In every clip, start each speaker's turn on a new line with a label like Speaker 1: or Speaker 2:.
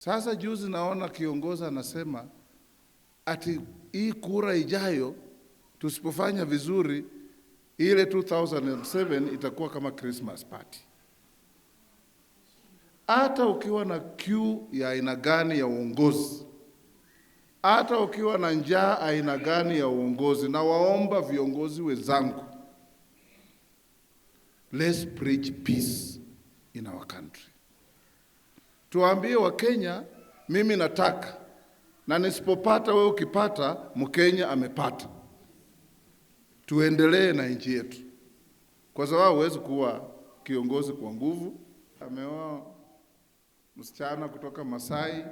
Speaker 1: Sasa juzi naona kiongozi anasema ati hii kura ijayo tusipofanya vizuri ile 2007 itakuwa kama Christmas party. Hata ukiwa na kiu ya aina gani ya uongozi, hata ukiwa na njaa aina gani ya uongozi, na waomba viongozi wenzangu, let's preach peace in our country tuwaambie Wakenya, mimi nataka na nisipopata, wewe ukipata, Mkenya amepata. Tuendelee na nchi yetu, kwa sababu huwezi kuwa kiongozi kwa nguvu. Ameoa msichana kutoka Masai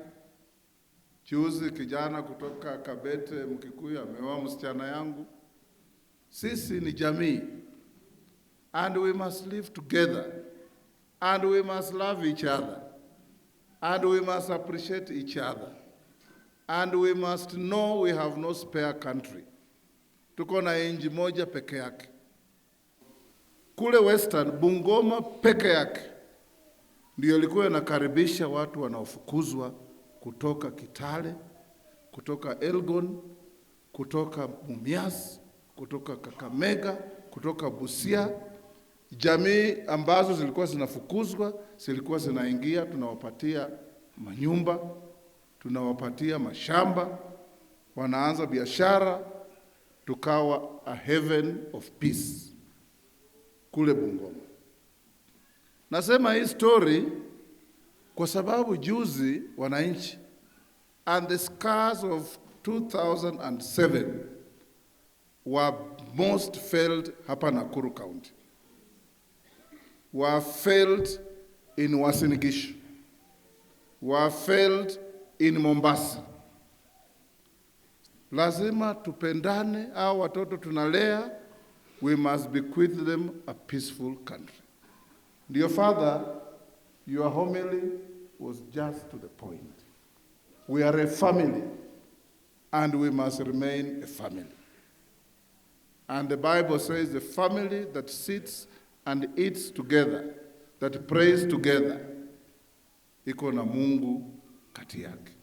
Speaker 1: juzi, kijana kutoka Kabete Mkikuyu ameoa msichana yangu. Sisi ni jamii, and we must live together and we must love each other. And we must appreciate each other. And we must know we have no spare country. Tuko na inji moja peke yake. Kule Western Bungoma peke yake ndio ilikuwa inakaribisha watu wanaofukuzwa kutoka Kitale, kutoka Elgon, kutoka Mumias, kutoka Kakamega, kutoka Busia jamii ambazo zilikuwa zinafukuzwa zilikuwa zinaingia, tunawapatia manyumba, tunawapatia mashamba, wanaanza biashara, tukawa a heaven of peace kule Bungoma. Nasema hii story kwa sababu juzi wananchi and the scars of 2007 were most felt hapa Nakuru County wafeld in Wasinigish, were wafeld in Mombasa. Lazima tupendane, au watoto tunalea, we must bequeath them a peaceful country. Dear father, your homily was just to the point. We are a family and we must remain a family. And the Bible says the family that sits and eats together, that prays together, iko na Mungu kati yake.